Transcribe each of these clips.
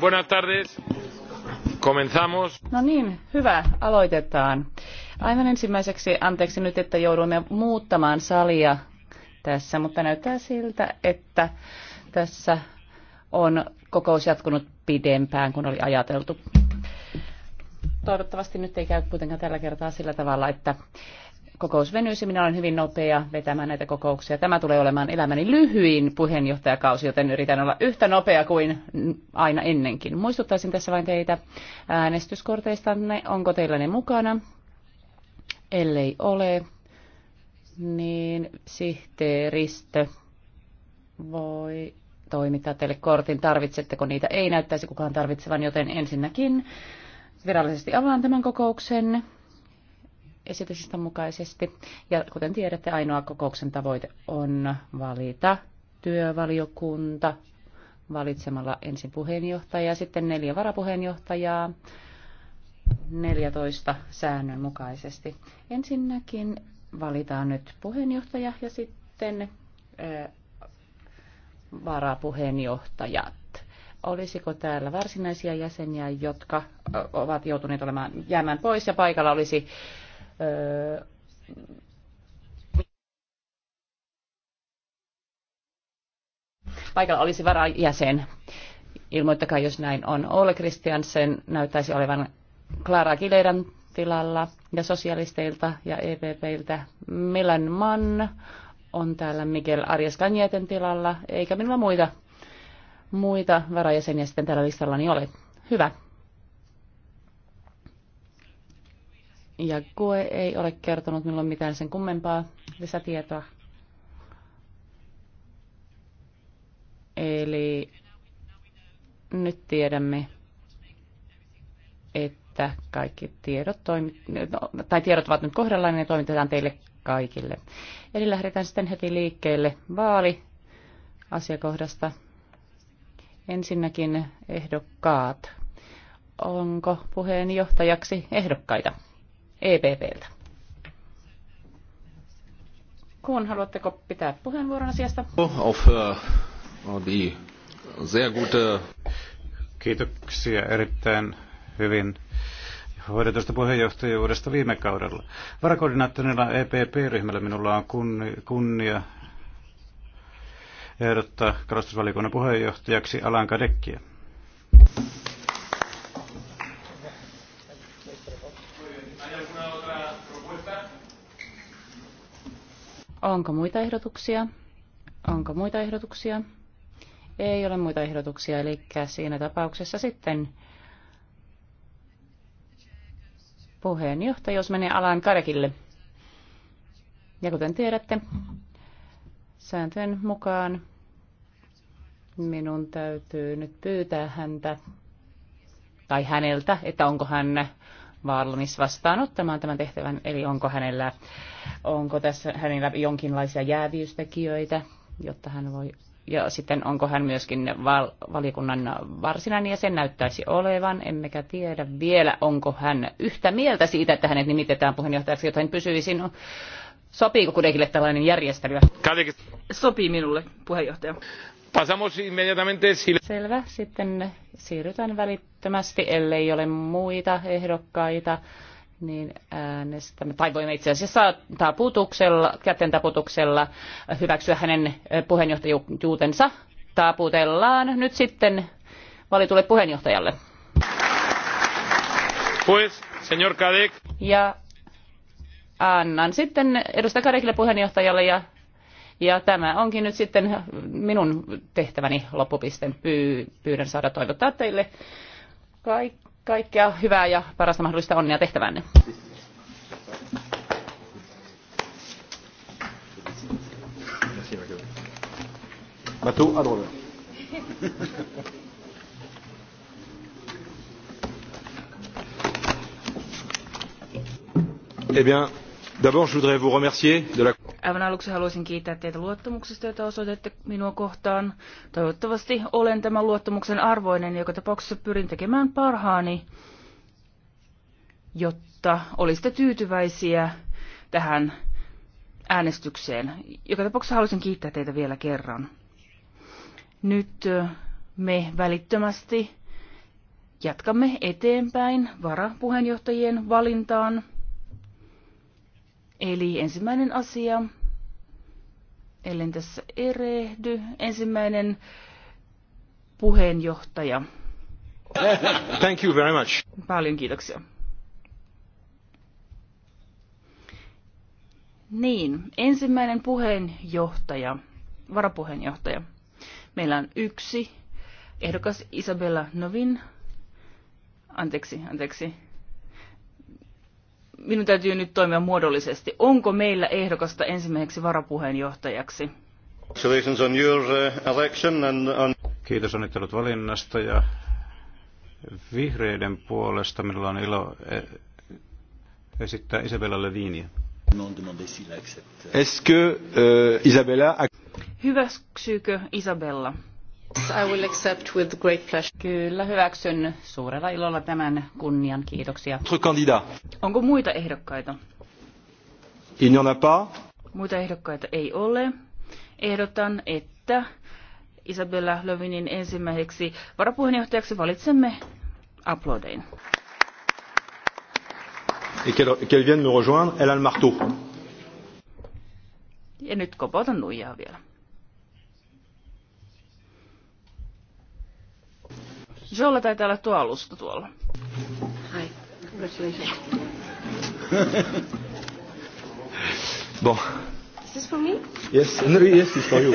buenas tardes. Comenzamos. No niin, hyvä, aloitetaan. Aivan ensimmäiseksi, anteeksi nyt, että joudumme muuttamaan salia tässä, mutta näyttää siltä, että tässä on kokous jatkunut pidempään kuin oli ajateltu. Toivottavasti nyt ei käy kuitenkaan tällä kertaa sillä tavalla, että kokous venyisi. Minä olen hyvin nopea vetämään näitä kokouksia. Tämä tulee olemaan elämäni lyhyin puheenjohtajakausi, joten yritän olla yhtä nopea kuin aina ennenkin. Muistuttaisin tässä vain teitä äänestyskorteistanne. Onko teillä ne mukana? Ellei ole, niin sihteeristö voi toimittaa teille kortin. Tarvitsetteko niitä? Ei näyttäisi kukaan tarvitsevan, joten ensinnäkin virallisesti avaan tämän kokouksen esityksestä mukaisesti. Ja kuten tiedätte, ainoa kokouksen tavoite on valita työvaliokunta valitsemalla ensin puheenjohtaja ja sitten neljä varapuheenjohtajaa 14 säännön mukaisesti. Ensinnäkin valitaan nyt puheenjohtaja ja sitten varapuheenjohtajat. Olisiko täällä varsinaisia jäseniä, jotka ovat joutuneet olemaan jäämään pois ja paikalla olisi paikalla olisi varajäsen. Ilmoittakaa, jos näin on. Ole Kristiansen näyttäisi olevan Clara Gileran tilalla ja sosialisteilta ja EPPiltä Milan Mann on täällä Mikel Arjes Kanjeten tilalla, eikä minulla muita, muita varajäseniä sitten tällä listallani niin ole. Hyvä. Ja GUE ei ole kertonut minulle mitään sen kummempaa lisätietoa. Eli nyt tiedämme, että kaikki tiedot, toimi, no, tai tiedot ovat nyt kohdallaan ja toimitetaan teille kaikille. Eli lähdetään sitten heti liikkeelle vaali asiakohdasta. Ensinnäkin ehdokkaat. Onko puheenjohtajaksi ehdokkaita? EPPltä. Kun haluatteko pitää puheenvuoron asiasta? Of, uh, sehr Kiitoksia erittäin hyvin hoidetusta puheenjohtajuudesta viime kaudella. Varakoordinaattorina EPP-ryhmällä minulla on kunnia ehdottaa kalastusvaliokunnan puheenjohtajaksi Alan Kadekkiä. Onko muita ehdotuksia? Onko muita ehdotuksia? Ei ole muita ehdotuksia, eli siinä tapauksessa sitten puheenjohtajuus menee alan karekille. Ja kuten tiedätte, sääntöjen mukaan minun täytyy nyt pyytää häntä tai häneltä, että onko hän valmis vastaanottamaan tämän tehtävän, eli onko hänellä, onko tässä hänellä jonkinlaisia jäävyystekijöitä, jotta hän voi ja sitten onko hän myöskin val- valiokunnan varsinainen ja sen näyttäisi olevan. Emmekä tiedä vielä, onko hän yhtä mieltä siitä, että hänet nimitetään puheenjohtajaksi, pysyisi pysyisin. Sopiiko kuitenkin tällainen järjestely? Sopii minulle, puheenjohtaja. Pasamos inmediatamente. Selvä. Sitten siirrytään välittömästi, ellei ole muita ehdokkaita, niin äänestämme, tai voimme itse asiassa taputuksella, käten taputuksella hyväksyä hänen puheenjohtajuutensa. Taputellaan nyt sitten valitulle puheenjohtajalle. Pues, señor Kadek. Ja annan sitten edustaja Kadekille puheenjohtajalle ja ja tämä onkin nyt sitten minun tehtäväni loppupisten pyydän saada toivottaa teille kaik- kaikkea hyvää ja parasta mahdollista onnea tehtävänne. Mä tuun arvoin. Eh bien, D'abord, je voudrais vous remercier de la... Aivan aluksi haluaisin kiittää teitä luottamuksesta, jota osoitette minua kohtaan. Toivottavasti olen tämän luottamuksen arvoinen, joka tapauksessa pyrin tekemään parhaani, jotta olisitte tyytyväisiä tähän äänestykseen. Joka tapauksessa haluaisin kiittää teitä vielä kerran. Nyt me välittömästi jatkamme eteenpäin varapuheenjohtajien valintaan. Eli ensimmäinen asia, ellen tässä erehdy, ensimmäinen puheenjohtaja. Thank you very much. Paljon kiitoksia. Niin, ensimmäinen puheenjohtaja, varapuheenjohtaja. Meillä on yksi ehdokas Isabella Novin. Anteeksi, anteeksi minun täytyy nyt toimia muodollisesti. Onko meillä ehdokasta ensimmäiseksi varapuheenjohtajaksi? Uh, Kiitos onnittelut valinnasta ja vihreiden puolesta minulla on ilo e, esittää Isabella Levinia. Euh, Hyväksyykö Isabella? I will accept with great pleasure. Kyllä, hyväksyn suurella ilolla tämän kunnian. Kiitoksia. Candidat. Onko muita ehdokkaita? Il en a pas. Muita ehdokkaita ei ole. Ehdotan, että Isabella Lövinin ensimmäiseksi varapuheenjohtajaksi valitsemme aplodein. Et qu'elle qu vienne me rejoindre, elle a le marteau. Ja nyt kopautan nuijaa vielä. Jolla taitaa olla tuo alusta tuolla. Hi. Congratulations. bon. Is this for me? Yes, no, no yes, it's for you.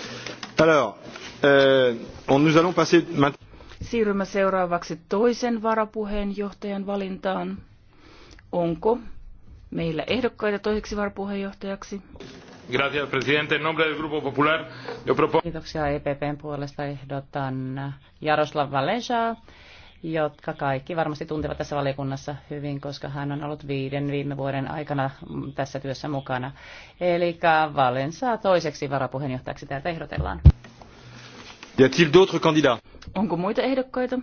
Alors, euh, on nous allons passer maintenant... Siirrymme seuraavaksi toisen varapuheenjohtajan valintaan. Onko meillä ehdokkaita toiseksi varapuheenjohtajaksi? Gracias, presidente. En nombre del Grupo Popular, yo propongo... Kiitoksia EPPn puolesta ehdotan Jaroslav Valejaa jotka kaikki varmasti tuntevat tässä valiokunnassa hyvin, koska hän on ollut viiden viime vuoden aikana tässä työssä mukana. Eli Valensa toiseksi varapuheenjohtajaksi täältä ehdotellaan. Onko muita ehdokkaita?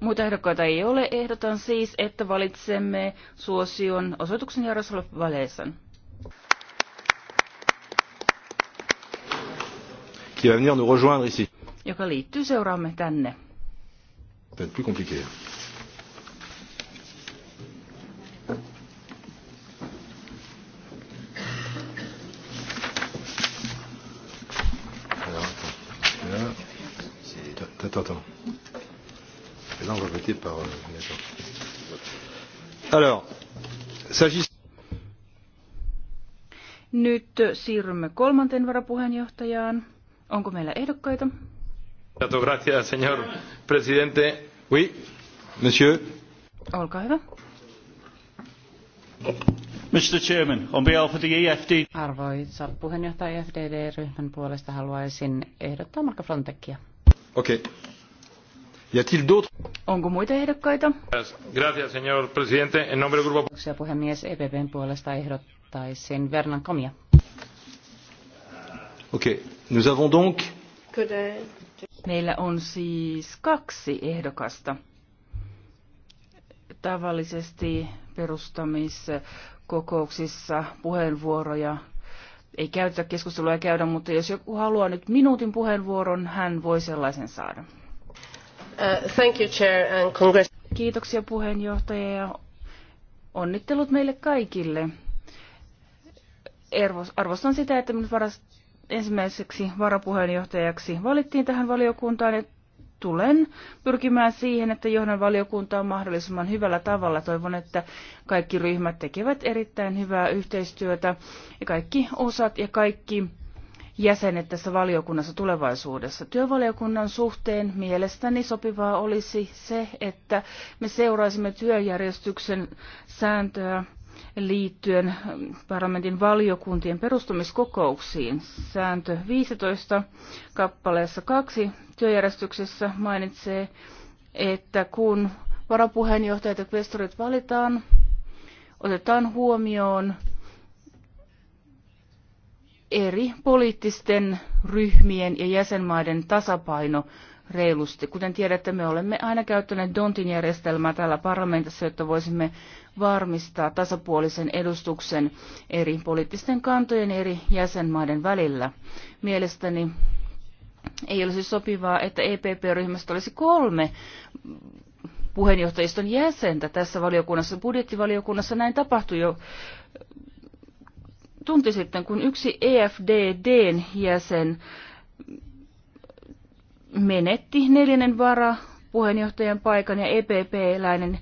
Muita ehdokkaita ei ole. Ehdotan siis, että valitsemme suosion osoituksen Jaroslav Valesan. Qui va venir nous rejoindre ici. Joka liittyy seuraamme tänne. Peut-être plus compliqué. Attends, attends là, va voter par. Euh, Alors, s'agissant. Nyt siirrymme kolmanteen varapuheenjohtajaan. Onko meillä ehdokkaita? Gracias, señor presidente. Oui, monsieur. Olkaa hyvä. Mr. Chairman, on behalf of the EFD. Arvoisa puheenjohtaja EFDD-ryhmän puolesta haluaisin ehdottaa Marko Frontekia. Okei. Okay. Y a Onko muita ehdokkaita? Gracias, En Kiitoksia puhemies. EPPn puolesta ehdottaisin Vernan Komia. Okei. Okay. Nous avons donc... Uh, Meillä on siis kaksi ehdokasta. Tavallisesti perustamiskokouksissa puheenvuoroja ei käytetä keskustelua käydä, mutta jos joku haluaa nyt minuutin puheenvuoron, hän voi sellaisen saada. Uh, Kiitoksia puheenjohtaja ja onnittelut meille kaikille. Arvostan sitä, että minut varas, ensimmäiseksi varapuheenjohtajaksi valittiin tähän valiokuntaan ja tulen pyrkimään siihen, että johdan valiokuntaa mahdollisimman hyvällä tavalla. Toivon, että kaikki ryhmät tekevät erittäin hyvää yhteistyötä ja kaikki osat ja kaikki jäsenet tässä valiokunnassa tulevaisuudessa. Työvaliokunnan suhteen mielestäni sopivaa olisi se, että me seuraisimme työjärjestyksen sääntöä liittyen ähm, parlamentin valiokuntien perustumiskokouksiin. Sääntö 15 kappaleessa 2 työjärjestyksessä mainitsee, että kun varapuheenjohtajat ja kvestorit valitaan, otetaan huomioon eri poliittisten ryhmien ja jäsenmaiden tasapaino reilusti. Kuten tiedätte, me olemme aina käyttäneet Dontin järjestelmää täällä parlamentissa, jotta voisimme varmistaa tasapuolisen edustuksen eri poliittisten kantojen eri jäsenmaiden välillä. Mielestäni ei olisi sopivaa, että EPP-ryhmästä olisi kolme puheenjohtajiston jäsentä tässä valiokunnassa. Budjettivaliokunnassa näin tapahtui jo tunti sitten, kun yksi EFDDn jäsen menetti neljännen vara puheenjohtajan paikan ja EPP-läinen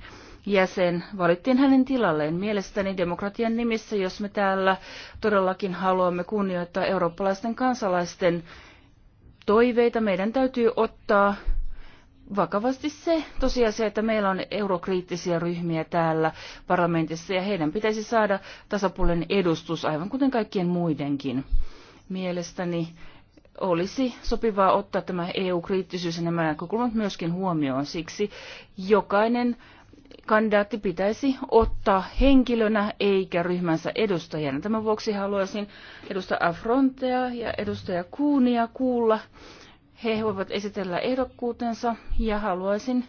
jäsen valittiin hänen tilalleen. Mielestäni demokratian nimissä, jos me täällä todellakin haluamme kunnioittaa eurooppalaisten kansalaisten toiveita, meidän täytyy ottaa vakavasti se tosiasia, että meillä on eurokriittisiä ryhmiä täällä parlamentissa ja heidän pitäisi saada tasapuolinen edustus, aivan kuten kaikkien muidenkin. Mielestäni olisi sopivaa ottaa tämä EU-kriittisyys ja nämä näkökulmat myöskin huomioon. Siksi jokainen kandidaatti pitäisi ottaa henkilönä eikä ryhmänsä edustajana. Tämän vuoksi haluaisin edustaja Afrontea ja edustaja Kuunia kuulla he voivat esitellä ehdokkuutensa ja haluaisin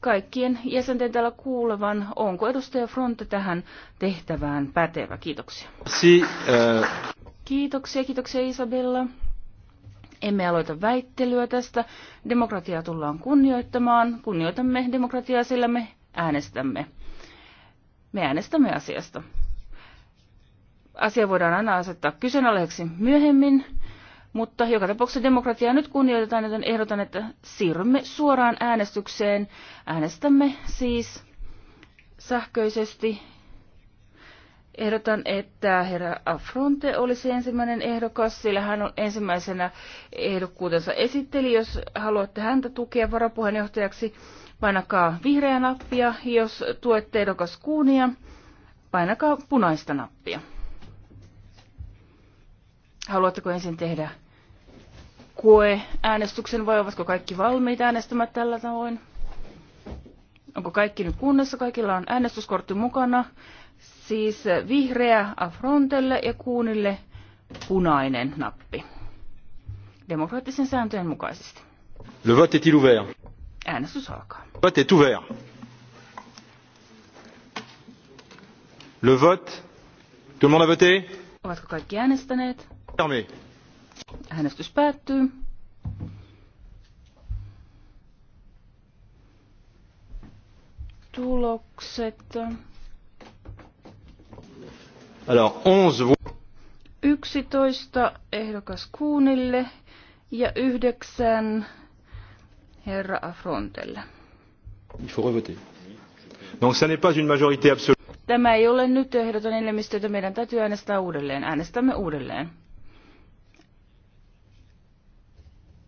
kaikkien jäsenten täällä kuulevan, onko edustaja Fronte tähän tehtävään pätevä. Kiitoksia. Si, äh... Kiitoksia, kiitoksia Isabella. Emme aloita väittelyä tästä. Demokratiaa tullaan kunnioittamaan. Kunnioitamme demokratiaa, sillä me äänestämme. Me äänestämme asiasta. Asia voidaan aina asettaa kyseenalaiseksi myöhemmin. Mutta joka tapauksessa demokratiaa nyt kunnioitetaan, joten ehdotan, että siirrymme suoraan äänestykseen. Äänestämme siis sähköisesti. Ehdotan, että herra Affronte olisi ensimmäinen ehdokas, sillä hän on ensimmäisenä ehdokkuutensa esitteli. Jos haluatte häntä tukea varapuheenjohtajaksi, painakaa vihreää nappia. Jos tuette ehdokas Kuunia, painakaa punaista nappia. Haluatteko ensin tehdä koe äänestyksen vai ovatko kaikki valmiita äänestämään tällä tavoin? Onko kaikki nyt kunnossa? Kaikilla on äänestyskortti mukana. Siis vihreä Afrontelle ja kuunille punainen nappi. Demokraattisen sääntöjen mukaisesti. Le vote est-il ouvert? Äänestys alkaa. Le vote est ouvert. Le vote. Tout le monde a voté? Ovatko kaikki äänestäneet? Fermé. Äänestys päättyy. Tulokset. Alors, 11... 11 ehdokas Kuunille ja 9 herra Afrontelle. Il faut revoter. Donc ça n'est pas une majorité absolue. Tämä ei ole nyt ehdoton enemmistö, meidän täytyy äänestää uudelleen. Äänestämme uudelleen.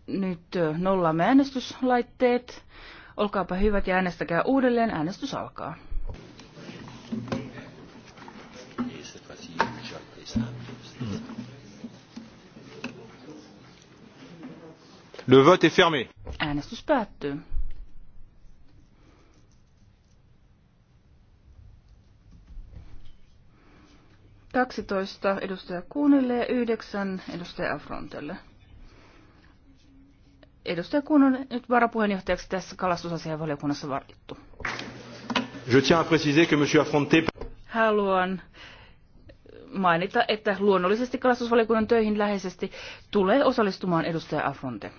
nyt nollaamme äänestyslaitteet. Olkaapa hyvät ja äänestäkää uudelleen. Äänestys alkaa. Le vote est fermé. Äänestys päättyy. Kaksitoista edustaja Kuunille ja yhdeksän edustaja Afrontelle edustaja nyt varapuheenjohtajaksi tässä kalastusasianvaliokunnassa valittu. Je tiens à préciser que monsieur Haluan mainita, että luonnollisesti kalastusvaliokunnan töihin läheisesti tulee osallistumaan edustaja Affronte.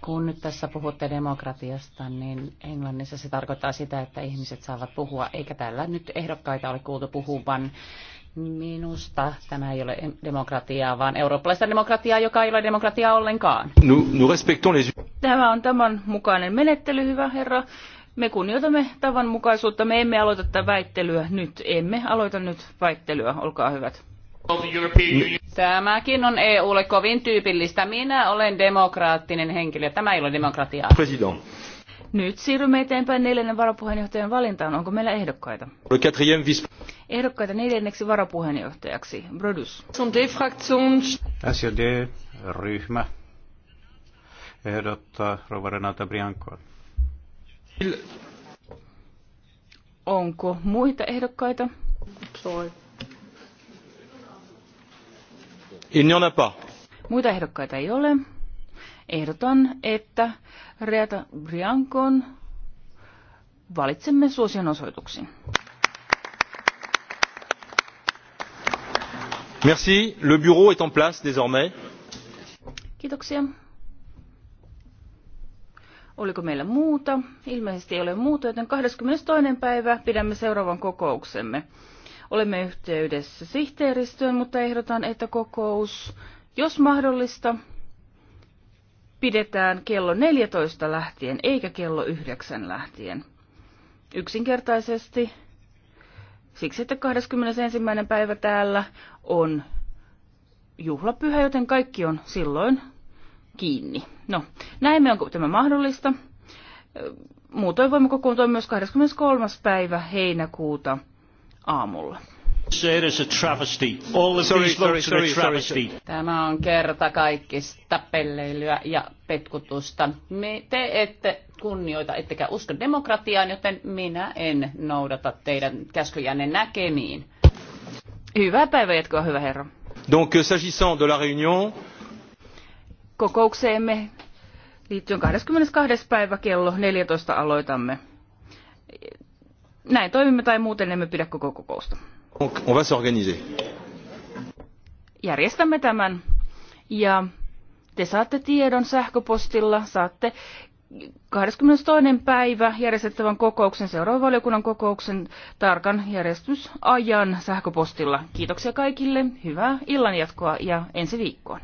Kun nyt tässä puhutte demokratiasta, niin Englannissa se tarkoittaa sitä, että ihmiset saavat puhua, eikä täällä nyt ehdokkaita ole kuultu puhuvan. Minusta tämä ei ole demokratiaa, vaan eurooppalaista demokratiaa, joka ei ole demokratiaa ollenkaan. Nous, nous les. Tämä on tämän mukainen menettely, hyvä herra. Me kunnioitamme tavan mukaisuutta. Me emme aloita tätä väittelyä nyt. Emme aloita nyt väittelyä. Olkaa hyvät. Tämäkin on EUlle kovin tyypillistä. Minä olen demokraattinen henkilö. Tämä ei ole demokratiaa. President. Nyt siirrymme eteenpäin neljännen varapuheenjohtajan valintaan. Onko meillä ehdokkaita? Le ehdokkaita neljänneksi varapuheenjohtajaksi. Brodus. sd ryhmä ehdottaa Rova Renata Briancoa. Onko muita ehdokkaita? Il n'y en a pas. Muita ehdokkaita ei ole. Ehdotan, että Reata Briancon valitsemme suosion osoituksin. Le bureau est en place désormais. Kiitoksia. Oliko meillä muuta? Ilmeisesti ei ole muuta, joten 22. päivä pidämme seuraavan kokouksemme. Olemme yhteydessä sihteeristöön, mutta ehdotan, että kokous, jos mahdollista, pidetään kello 14 lähtien eikä kello 9 lähtien. Yksinkertaisesti siksi, että 21. päivä täällä on juhlapyhä, joten kaikki on silloin kiinni. No, näemme, onko tämä mahdollista. Muutoin voimme kokoontua myös 23. päivä heinäkuuta aamulla. Tämä on kerta kaikista pelleilyä ja petkutusta. Me te ette kunnioita, ettekä usko demokratiaan, joten minä en noudata teidän käskyjänne näkemiin. Hyvää päivää, jatkoa, hyvä herra. Donc, s'agissant de la réunion... Kokoukseemme liittyen 22. päivä kello 14 aloitamme. Näin toimimme tai muuten emme pidä koko kokousta. Donc, on va s'organiser. Järjestämme tämän ja te saatte tiedon sähköpostilla, saatte 22. päivä järjestettävän kokouksen, seuraavan valiokunnan kokouksen tarkan järjestysajan sähköpostilla. Kiitoksia kaikille, hyvää illanjatkoa ja ensi viikkoon.